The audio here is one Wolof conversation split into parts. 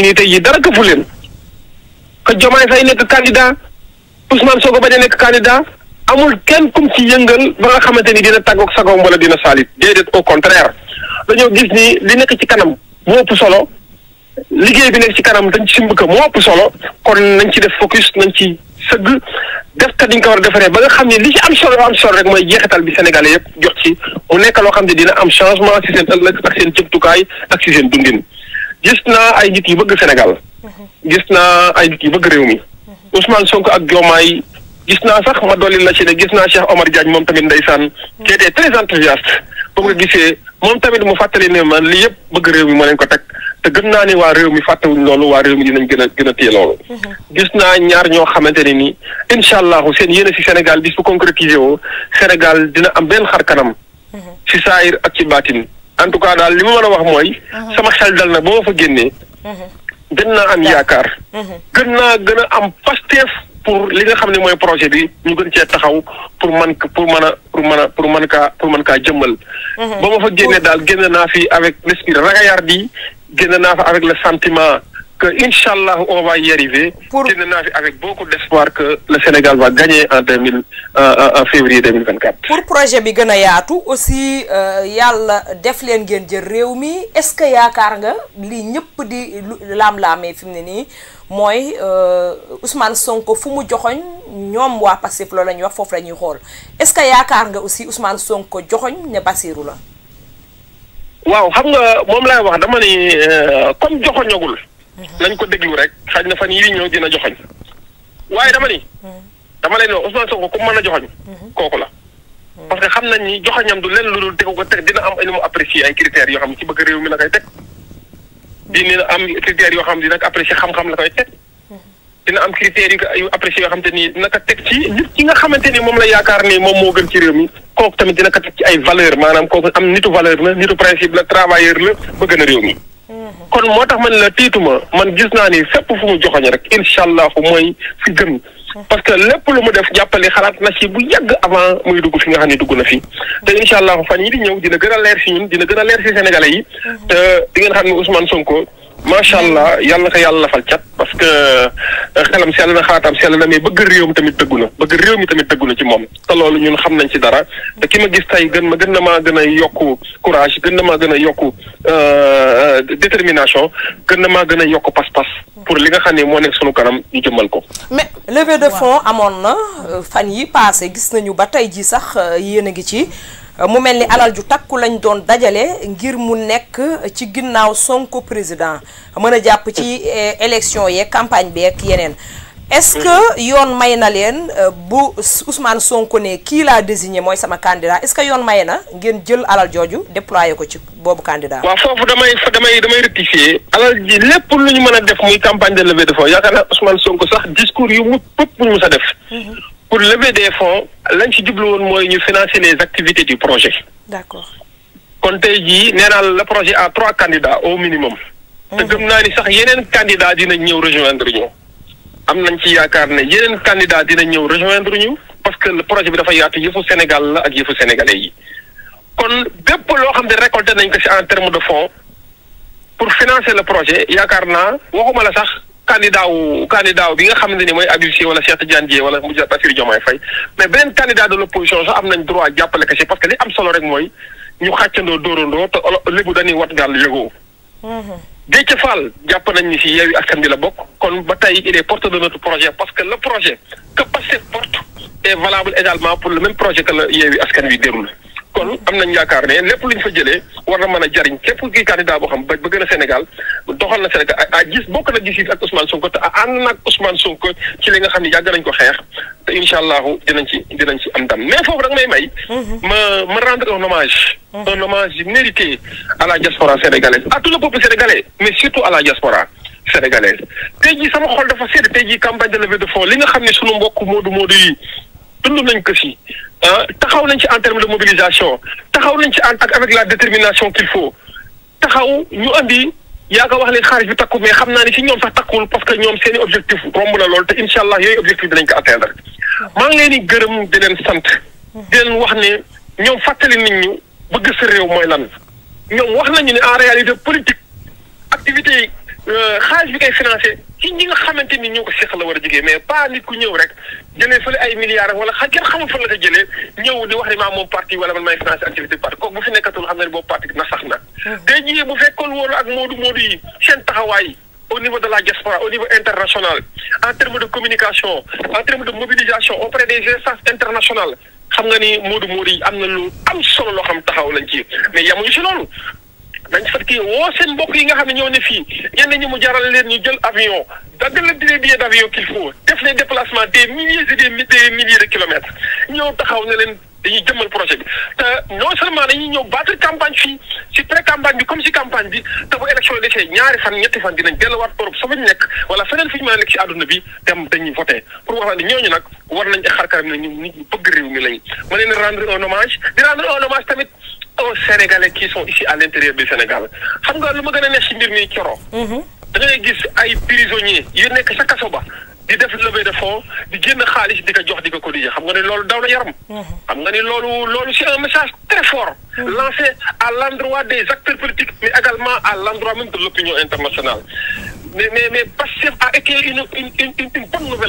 nii tey jii dara këfu leen que Diomaye Faye nekk candidat Ousmane Sonko bañ a nekk candidat amul kenn comme ci yëngal ba nga xamante ni dina tàggoog sagoom wala dina saalit déedéet au contraire dañoo gis ni li nekk ci kanam moo ëpp solo liggéey bi nekk ci kanam dañ ci simb moo ëpp solo kon nañ ci def focus nañ ci sëgg def kat diñ ko a defaree ba nga xam ne li ci am solo am solo rek mooy jeexital bi Sénégalais yëpp jox ci mu nekk loo xam ne dina am changement ci seen ëllëg ak seen jëmtukaay gis naa ay ngit yu bëgg Sénégal gis naa ay nit yu bëgg réew mi Ousmane Sonko ak Diomaye gis naa sax ma dolli la ci ne gis naa Cheikh Omar Diagne moom tamit ndeysaan qui était très enthousiaste ba nga gisee moom tamit mu fàttali ne man lii yëpp bëgg réew mi ma leen ko teg te gën naa ne waa réew mi fàttewuñ loolu waa réew mi dinañ gën a gën a téye loolu gis naa ñaar ñoo xamante ne ni incha allahu seen yéene si Sénégal bis bu concrétiser woo Sénégal dina am benn xar kanam si saayir ak en tout cas daal li ma mën a wax mooy. Mhm. sama xel dal na boo fa génnee. Mhm. gën naa am yaakaar. Mhm. gën naa gën a am pasteef pour li nga xam ne mooy projet bi ñu gën cee taxaw pour man pour mën a pour mën a pour mën kaa pour mën kaa jëmmal. ba ma fa génnee daal génn naa fi avec l'esprit ragaillardi génn naa fa avec le sentiment. que incha allah on va y arriver. pour dina naa fi avec beaucoup d' espoir que le Sénégal va gagner en deux mil euh, euh, en février deux mille vingt quatre. pour projet bi gën a yaatu aussi euh, yàlla def leen ngeen jël réew mi est ce que yaakaar nga lii ñëpp di laam-laamee fi mu ne nii mooy Ousmane Sonko fu mu joxoñ ñoom waa Pastef loolu la ñuy wax foofu la ñuy xool est ce que yaakaar nga aussi Ousmane Sonko joxoñ ne Basirou la. waaw xam nga moom laay wax dama ni comme joxoñagul. nañ ko déglu rek xaj na fan yii ñëw dina joxoñ waaye dama ni. dama leen wax Ousmane ko ku mën a joxoñ kooku la. parce que xam nañ ni joxoñam du leen lu dul tegu ko teg dina am ay nu mu yoo xam ne ci bëgg réew mi la koy teg. dina am critères yoo xam ne dina ko apprécier xam-xam koy teg. dina am critères yu apprécier yoo xam te ni dina teg ci nit ki nga xamante ni moom la yaakaar ni moom moo gën ci réew mi kook tamit dina ko teg ci ay valeur maanaam kooku am nitu valeur la nitu principe la travailleur la bëgg na réew mi. kon moo tax man la tiituma man gis naa ni fépp fu mu joxoñ rek incha allah mooy fi gën. parce que lépp lu mu def jàppale xalaat na ci bu yàgg avant muy dugg fi nga xam ne dugg na fi. te incha allah fan yi di ñëw dina gën a leer fi ñun dina gën a leer ci sénégalais yi. te mm-hmm. euh, di xam ne Ousmane Sonko. macha allah yal na ko yàlla lafal cat parce que euh, xelam sell na xaatam sell na mais bëgg réew mi tamit dëggu na bëgg réew mi tamit dëggu ci moom te loolu ñun xam nañ ci dara te ki ma gis tey gën ma gën na maa gën a yokku courage gën na maa gën a yokku euh, détermination gën na maa gën a yokku pas-pas pour li nga xam ne moo nekk sunu kanam ñu jëmmal ko. mais levée de fonds amoon na euh, fan yi passé gis nañu ba tey ji sax yéen a ngi ci. Euh, mu mel ni alal ju takku lañ doon dajale ngir mu nekk ci ginnaaw Sonko président mën a jàpp ci eh, élection yee campagne bi yeneen est-ce que yoon may na leen euh, bu Ousmane Sonko ne kii laa désigné mooy sama candidat est-ce que yoon may na ngeen jël alal jooju déployé ko ci boobu candidat. waaw foofu damay fa damay damay rectifier alal ji lépp lu ñu mën a def muy campagne de levée de fonds yaakaar naa Ousmane Sonko sax discours yu mu pëpp ñu mës def. Mm-hmm. pour lever des fonds lañ ci jublu woon mooy ñu financer les activités du projet. d'accord kon tey jii nee naa le projet a trois candidats au minimum. te mhm. gëm naa ni sax yeneen candidats dinañ ñëw rejoindre ñu. am nañ ci yaakaar ne yeneen candidats dinañ ñëw rejoindre ñu parce que le projet bi dafa yaatu yëfu Sénégal la ak yëfu sénégalais yi. kon bépp loo xam ne récolter nañ ko ci en terme de fonds pour financer la projet yaakaar naa waxuma la sax. candidat wu candidat wu bi nga xamante ni mooy Habib Sy wala Cheikh Tidiane Dièye wala mu Bassirou Diomaye Faye mais beneen candidat de l' opposition sax am nañ droit jàppale ko si parce que li am solo rek mooy ñu xàccandoo dóorandoo te lébu dañuy wat gaal yëgoo. Mhm. Déthié Fall jàpp nañ ni si Yewwi Askan Wi la bokk kon ba tey il est porteur de notre projet parce que la projet que Pastef porte est valable également pour le même projet que la Yewwi Askan Wi déroule. kon am nañ yaakaar ne lépp luñ fa jëlee war na mën a jariñ képp kii candidat boo xam ba bëgg na Sénégal doxal na Sénégal a gis bokk na gis ak Ousmane Sonko te ànd na ak Ousmane Sonko ci li nga xam ni yàgg nañ ko xeex te allah dinañ ci dinañ ci am dam mais foofu da nga may may. Mhm. ma ma rendre un hommage. Mhm. un hommage mérité à la diaspora sénégalaise à tout le peuple sénégalais mais surtout à la diaspora. sénégalaise tey jii sama xol dafa sedd tey jii campagne de levée de fonds li nga xam ne sunu mbokk moodu moodu yi dund nañ ko si euh, taxaw nañ ci en terme de mobilisation taxaw nañ ci en ak avec la détermination qu'il faut taxaw ñu andi yaa nga wax ne xaalis bi takku mais xam naa ni ci ñoom sax takkul parce que ñoom seeni objectif romb na lool te incha allah yooyu objectif dinañ ko atteindre maa ngi leen di gërëm di leen sant di leen wax ne ñoom fàttali nit ñi bëgg sa réew mooy lan ñoom wax nañu ne en réalité politique activité Euh, xaalis bi koy financé i ñi nga xamante ni ñoo ko seq la war a jigéen mais pas nit ku ñëw rek jëlee fële ay milliards wala xa kenn xamul fan la ko jëlee ñëw di wax ni maa moom parti wala man maay financé activité parti kooku bu fi nekkatul xam ne boobu parti na sax na. Mm-hmm. tey bu fekkoon woon ak Modou Modou yi seen taxawaay au niveau de la diaspora au niveau international en terme de communication en terme de mobilisation auprès des instances internationales xam nga ni Modou Modou yi am na lu am solo loo xam taxaw lañ ci mais yamuñu si loolu. dañ fa kii woo seen mbokk yi nga xam ne ñoo ne fii ñenn ñi mu jaral leen ñu jël avion daggal leen des billets d' avion qu'il faut def les déplacements des milliers et des milliers de kilomètres ñëw taxaw ne leen dañuy jëmmal projet bi te non seulement dañuy ñëw battre campagne fii ci pré campagne bi comme ci campagne bi te bu élection yi desee ñaari fan ñetti fan dinañ delluwaat Europe sa fañ nekk wala feneen fi ñu mën a nekk ci àdduna bi dem dañuy voté pour wax la war nañ xarkaram ne ñu nit ñu bëgg réew mi lañ ma tamit aux Sénégalais qui sont ici à l'intérieur du Sénégal xam nga lu ma gën a neex ci mbir mi coro mhm. da ngay gis ay prisonniers yu nekk sa kaso ba di def levée de fonds di génn xaalis di ko jox di ko ko di xam nga ne loolu daw na yaram. Mhm. xam nga ne loolu loolu c'est un message très fort. Mhm. lancé à l'endroit des acteurs politiques mais également à l'endroit même de l'opinion internationale. mais mais mais Pastef a été une une une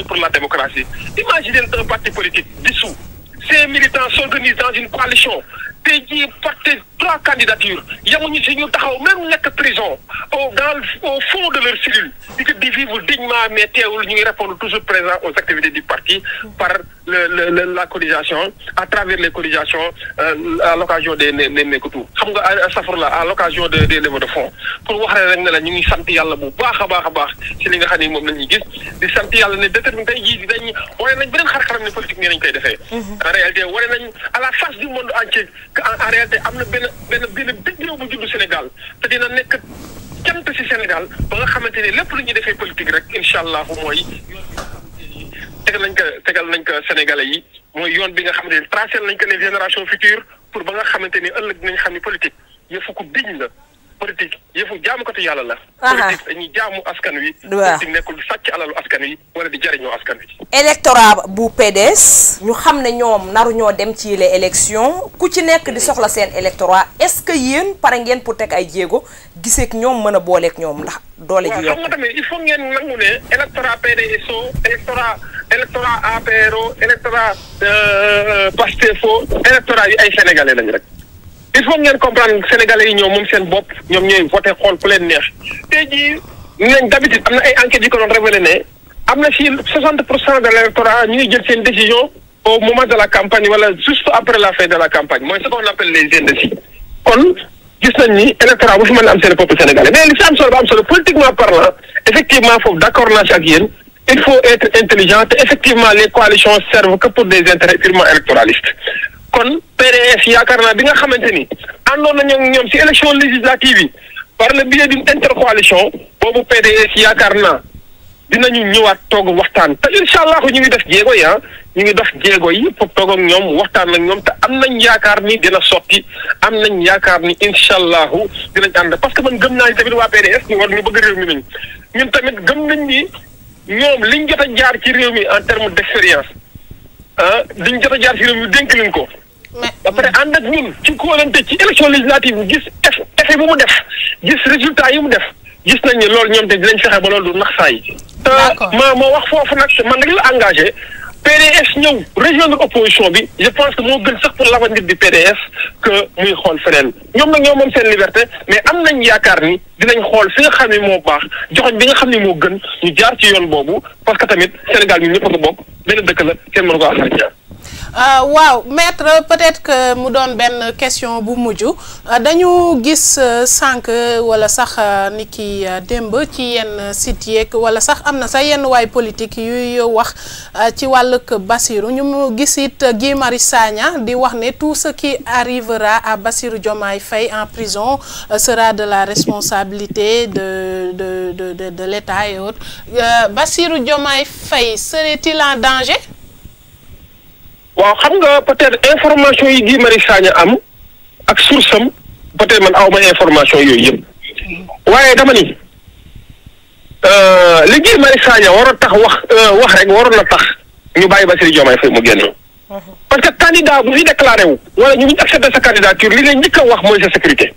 pour la démocratie imaginez un tey jii porte trois candidatures yamuñu si ñu taxaw même nekk prison au dans au fond de leur cellule di ko di vivre dignement mais teewul ñu ngi toujours présent aux activités du parti par le la cotisation à travers les cotisations euh, à l'occasion des des Nécotous xam nga safar la à l'occasion de des de fonds pour wax rek ne ñu ngi sant yàlla bu baax a baax a baax ci li nga xam ne moom la gis di sant yàlla ne déterminé tey jii dañ wane nañ beneen xar benn benn benn dëgg réew bu Sénégal te dina nekk cant si Sénégal ba nga xamante ni lépp lu ñuy defee politique rek incha allahu mooy tegal nañ ko tegal nañ ko Sénégalais yi mooy yoon bi nga xamante ni nañ ko les génération futures pour ba nga xamante ni ëllëg dinañ xam ni politique yëfu ko diñ politique yëfu jaamukatu yàlla la. ñu dañuy jaamu askan wi. waaw politique nekkul sàcc alalu askan wi wala di jariñoo askan wi. électorat bu PDS ñu xam ne ñoom naru ñoo dem ci yile élection ku ci nekk di soxla seen électorat est-ce que yéen pare ngeen pour teg ay jéego giseek ñoom mën a booleek ñoom ndax doole ji yokku. waaw xam nga tamit il faut ngeen nangu ne électorat PDSO électorat électorat APRO électorat euh, PASTEFO électorat yi ay sénégalais lañ rek. il faut ngeen comprendre sénégalais yi ñoom moom seen bopp ñoom ñooy voté xool ku leen neex tey jii nañ d'habitude am na ay enquêtes yi ko doon révélé ne am na si 60 pour cent de décision au moment de la campagne wala juste après la fin de la campagne mooy ce qu'on appelle les indécis kon gis nañ ni électorat bu fi mën a am seen peuple si am solo ba am solo politiquement parlant effectivement foofu d'accord naa si ak yéen il faut être intelligent te kon PDS yaakaar naa bi nga xamante ni àndoon nañu ak ñoom ci élection législative yi par le biais d'une intercoalition boobu PDS yaakaar naa dinañu ñëwaat toog waxtaan te incha allah ñu ngi def jéego ah, ñu ngi def jéego yi pour toog ak ñoom waxtaan ak ñoom te am nañ yaakaar ni dina sotti am nañ yaakaar ni incha allah dinañ ànd parce que man gëm naa ni tamit waa PDS ñu war ñu bëgg réew mi nañ ñun tamit gëm nañ ni ñoom liñ jot a jaar ci réew mi en terme d'expérience ah liñ jot a jaar ci réew mi dénk nañ ko. ba pare ànd ak ñun ci kóolante ci élection législative bi gis effet bu mu def gis résultat yi mu def gis nañ ne loolu ñoom te dinañ fexe ba loolu du nax saa yi. Euh, ma moo wax foofu nag man rek la engagé. PDS ñëw rejoindre opposition bi je pense que moo gën sax pour l'avenir du PDS que muy xool feneen ñoom nag ñoo moom seen liberté mais am nañ yaakaar ni dinañ xool fi nga xam ne moo baax joxoñ bi nga xam ne moo gën ñu jaar ci yoon boobu parce que tamit Sénégal ñun ñëpp a ko bokk benn dëkk la kenn mënu ko Euh, waaw maître peut-être que mu doon benn question bu mujj euh, dañu gis euh, sànq wala sax ni ki démb ci yenn site yeeg wala sax am na sax yenn waay politique yuy wax ci wàllug Bassirou ñu mu gis it Guy di wax ne tout ce qui arrivera à Bassirou Diomaye Faye en prison sera de la responsabilité de de de de, de l'État et autres euh, Bassirou Diomaye en danger waaw xam nga peut-être information yi Guy Marius Sagna am ak source am peut man awma information yooyu yëpp waaye dama ni euh, li Guy Marius Sagna war a tax wax euh, wax rek waroon na tax ñu bàyyi Bassirou Diomaye Faye mu génn. Uh-huh. parce que candidat bu fi déclaré wu wala ñu ngi accepté sa candidature li leen njëkk wax mooy sa sécurité.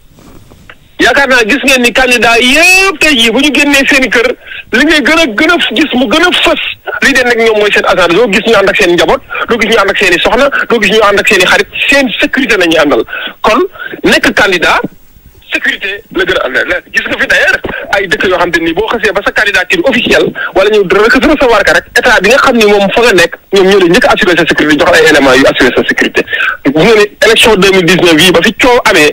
yaakaar naa gis ngeen ni candidat yëpp tey jii bu ñu génnee seen kër li ngay gën a gën a gis mu gën a fës li den nag ñoom mooy seen asar doo gis ñu ànd ak seen njaboot doo gis ñu ànd ak seen i soxna doo gis ñu ànd ak seen xarit seen sécurité la ñuy àndal kon nekk candidat sécurité la gën a àndal gis nga fi d'ailleurs ay dëkk yoo xam te nii boo xasee ba sa candidature officielle wala ñu rek recevoir ka rek état bi nga xam ni moom fa nga nekk ñoom ne élection deux mille dix neuf yii ba fi coow amee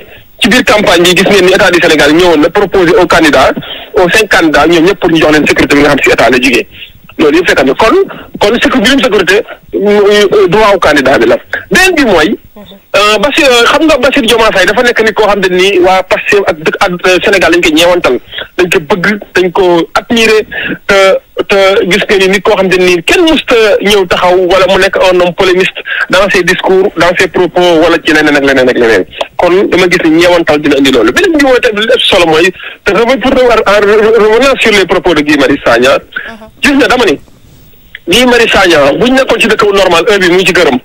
ci campagne bi gis neen ni état du Sénégal ñëwoon na proposé au candidat aux cinq candidats ñoom ñëpp pour ñu jox leen sécurité bi nga xam si état la jugee loolu yëpp fekk na kon kon sécurité euh, droit au candidat bi la beneen bi mooy Euh, Bassir xam nga Bassir joma Faye dafa nekk nit koo xam ne nii waa Pastef ak dëkk ak euh, Sénégal dañ ko ñeewantal dañ ko bëgg dañ ko admirer te te gis nga ni nit koo xam ne nii kenn musta ñëw taxaw wala mu nekk un homme polémiste dans ses discours dans ses propos wala ci leneen ak leneen ak leneen kon dama gis ni ñeewantal dina indi loolu beneen bi mooy te solo mooy te pour revenir sur les propos de Guy Marius Sagna uh-huh. gis nga dama ni Guy Marius Sagna buñ nekkoon ci dëkk normal heure bi mu ngi ci gërëm.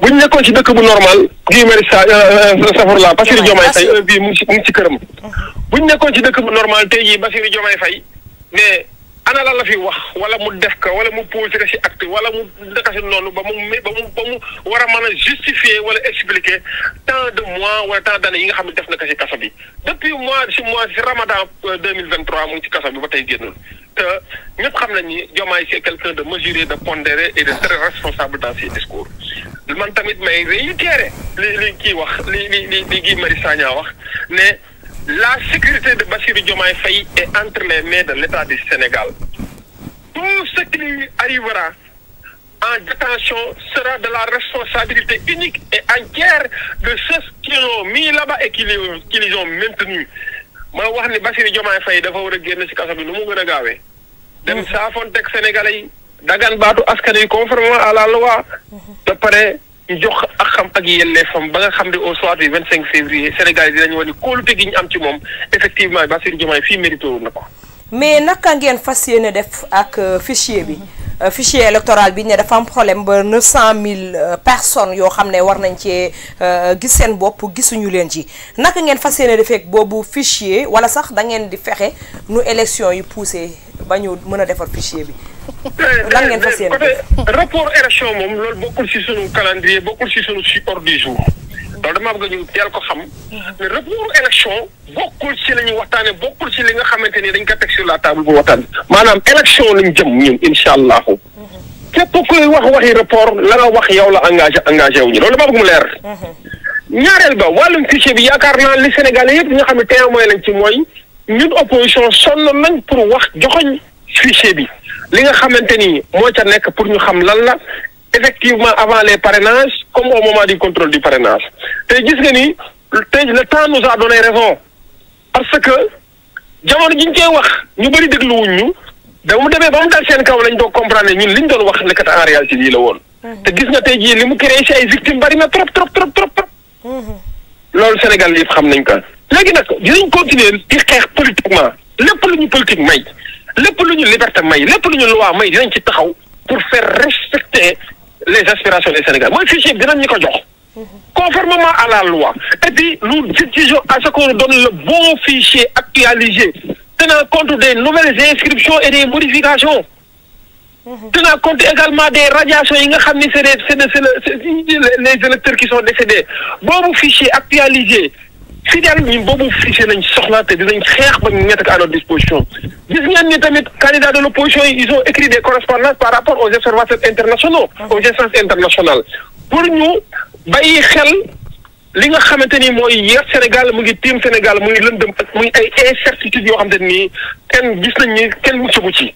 bu ñu nekkoon ci dëkk bu normal Guy Marius Sagna euh, euh, Bassirou Diomaye Faye heure bii mu ci mu ngi ci këram. bu ñu nekkoon ci dëkk bu normal tey jii Bassirou Diomaye fay mais ana la la fi wax wala mu def ko wala mu posé ko ci acte wala mu dëkk ci noonu ba mu ba mu ba mu war a man a justifier wala expliquer tant de mois wala tant d'années yi nga xam ne def na ko ci kaso bi. depuis mois ci mois ci Ramadan euh, deux mille vingt trois mu ngi ci kaso bi ba tey génnul. te ñëpp xam nañ ni Diomaye c'est quelqu'un de mesuré de pondéré et de très responsable dans ses discours. man tamit may réitérer li li kii wax li li li li Guy Marius wax ne la sécurité de Bassirou Diomaye Faye est entre les mains de Sénégal tout ce qui arrivera en détention sera de la responsabilité unique et entière de ceux qui l'ont mis là-bas ma wax ni Bassirou Diomaye Faye dafa war a génn ci kaso bi nu mu gën a gaawee dem mm. saafoon teg Sénégalais yi dagaan baatu askan yi conformément à la loi. ba ñu jox ak xam ak yelleefam ba nga xam ne au soir du vingt cinq février Sénégal yi dinañu wane kóolute gi ñu am ci moom effectivement Bassirou Diomaye fii mérité na ko. mais naka ngeen fas yéene def ak euh, fichier bi. Euh, fichier électoral bi ne dafa am problème ba 900000 euh, personnes yoo xam ne war nañ cee gis seen bopp gisuñu leen ci naka ngeen fas yéene defee boobu fichier wala sax da ngeen di fexe nu élection yi poussé ba ñu mën a defar fichier bi. lan ngeen fas yéene côté rapport élection moom loolu bokkul ci sunu calendrier bokkul ci sunu ci ordre du jour. loolu damaa bëgg ñu teel ko xam. mais rapport élection bokkul ci la ñuy waxtaanee bokkul ci li nga xamante ni dañ ko teg sur la table bu waxtaan. maanaam élection lañ jëm ñun incha allahu. képp kuy wax waxi rapport la wax yow la engagé engagé wu ñu loolu damaa bëgg mu leer. ñaareel ba wàllum fichier bi yaakaar naa li Sénégalais yëpp nga xam ne témoin lañ ci mooy ñun opposition sonn nañ pour wax joxoñ fichier bi. li nga xamante ni moo ca nekk pour ñu xam lan la effectivement avant les parrainages comme au moment di contrôle du parrainage te gis nga ni tey le temps nous a donné raison parce que jamono ji ñu koy wax ñu bëri dégluwuñ ñu da mu demee ba mu dal seen kaw lañ doon comprendre li ñu doon wax ne kat en réalité lii la woon. Mhm. te gis nga tey jii li mu créé si ay bari na trop trop trop trop. Mhm. loolu Sénégal yëpp xam nañ ko léegi nag dinañ continuer di xeex politiquement lépp lu ñu politique may. lépp lu ñu liberté may lépp lu ñu loi may dinañ ci taxaw pour faire respecter les aspirations des Sénégalais mooy fichier bi dinañ ñu ko jox. conformément à la loi et puis nous exigeons à ce qu'on donne le bon fichier actualisé tenant compte des nouvelles inscriptions et des modifications. tenant compte également des radiations yi nga xam ni c'est les c'est les électeurs qui sont décédés boobu fichier actualisé. si daal ñun boobu fichier lañ soxla te dinañ xeex ba ñu mettre à notre disposition gis ngeen ni tamit candidat de l' opposition yi ils ont écrit des correspondances par rapport aux observateurs internationaux aux instances internationales pour ñu bàyyi xel li nga xamante ni mooy yar Sénégal mu ngi tiim Sénégal muy lëndëm ak muy ay incertitudes yoo xamante ni kenn gis nañ ni kenn muccagu ci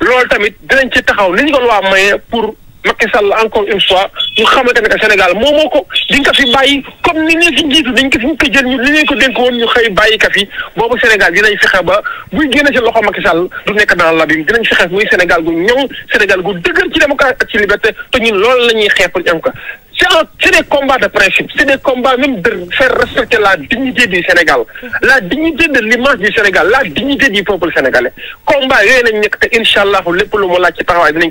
loolu tamit dinañ ci taxaw li ñu ko loi maye pour Macky Sall encore une fois ñu xamante ne que Sénégal moo moo ko di fi bàyyi comme ni ñu fi jiitu dañ ko fi ñu ko jël ñu li ko dénk woon ñu xëy bàyyi ka fi boobu Sénégal dinañ fexe ba buy génne ci loxo Macky Sall du nekk dans l'abîme dinañ fexe muy Sénégal gu ñëw Sénégal gu dëgër ci démocratie ak ci liberté te ñun loolu la ñuy xeex pour ñu am ko. c'est un c'est des combats de principe c'est des combats même de faire respecter la dignité du Sénégal la dignité de l'image du Sénégal la dignité du peuple sénégalais combat yooyu lépp lu mu laaj ci taxawaay dinañ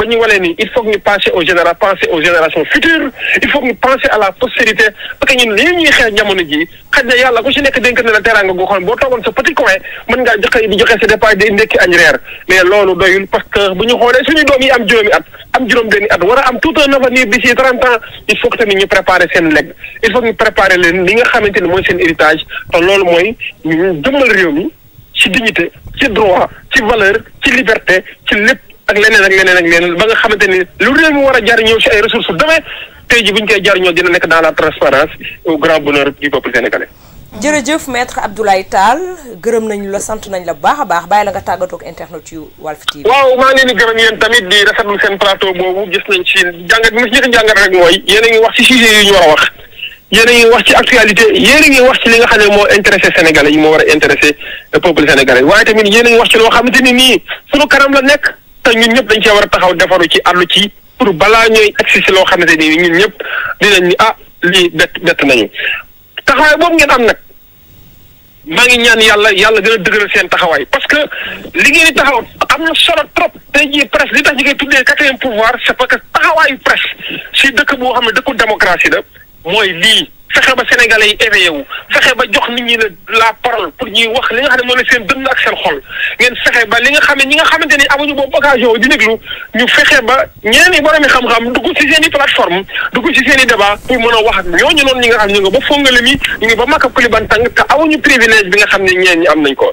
ba ñu wanee ni il faut que ñu penser aux généra penser il faut ñu penser à la postérité parce que ñun lii ñuy xeex jamono ji xaj yàlla ku ci nekk dénk na la teraanga goo xam ne boo toogoon sa petit coin mën ngaa joxe di joxe day ndekki añ reer mais loolu doyul parce bu ñu xoolee suñu doom yi am juróomi at am juróom benni at war a am tout un avenir d'ici trente ans il faut que tamit ñu préparer seen legg il faut ñu préparer leen li nga xamante ne mooy seen héritage te loolu mi ci dignité ci droit ci valeur ak leneen ak leneen ak leneen ba nga xamante ni lu réew mi war a jariñoo ci ay ressources demain tey ji bu koy jariñoo dina nekk dans la transparence au grand bonheur du peuple sénégalais. jërëjëf maître Abdoulaye Tall gërëm nañu la sant nañ la baax a baax bàyyi la nga tàggatoo ak internet yu Walf TV. waaw maa ngi leen di gërëm yéen tamit di rafetlu seen plateau boobu gis nañ si jàngat mooy yéen a ngi wax ci sujet yu ñu war a wax yéen a ngi wax ci actualité yéen a ngi wax li nga xam ne moo intéressé sénégalais yi moo war a intéressé peuple sénégalais waaye tamit yéen a ngi wax ci loo xamante ni nii sunu kanam la nekk te ñun ñëpp dañ cee war a taxaw defaru ci àllu ci pour balaa ñooy agsi si loo xamante ni ñun ñëpp dinañ ni ah lii bett bett nañu taxawaay boobu ngeen am nag maa ngi ñaan yàlla yàlla gën a dëgëral seen taxawaay parce que li ngeen taxaw am na solo trop tey jii presse li tax ñu koy tuddee quatrième pouvoir c'est parce que taxawaayu presse si dëkk boo xam ne dëkku démocratie la mooy lii fexe ba sénégalais yi éveillé wu fexe ba jox nit ñi la parole pour ñuy wax li nga xam ne moo ne seen dënn ak seen xol ngeen fexe ba li nga xam ne ñi nga xamante ni amuñu boobu occasion di déglu fexe ba ñeneen i borom xam-xam dugg ci seen i plateforme dugg ci seen i débat pour mën wax ak ñooñu noonu ñi nga xam ñu nga ba fongale mi ñu ngi ba màkk ak kuliban tàng te amuñu privilège bi nga xam ne ñeen ñi am nañ ko.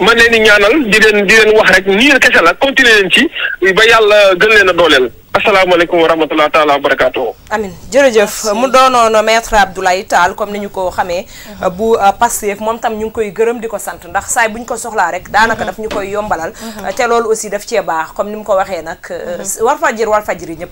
man leen di ñaanal di leen di leen wax rek nii kese la continuer leen ci ba yàlla gën leen a dooleel. asalaamaaleykum wa rahmatulah taalaa wa barakaatu. amin jërëjëf mu doonoon maître Abdoulaye Tall comme ni ñu ko xamee. Mm-hmm. bu euh, Pastef moom tam ñu ngi koy gërëm di ko sant ndax saa bu ñu ko soxlaa rek. Mm-hmm. daanaka daf ñu koy yombalal. Mm-hmm. te loolu aussi daf cee baax comme ni mu ko waxee nag. Euh, Walfadjri Walfadjri ñëpp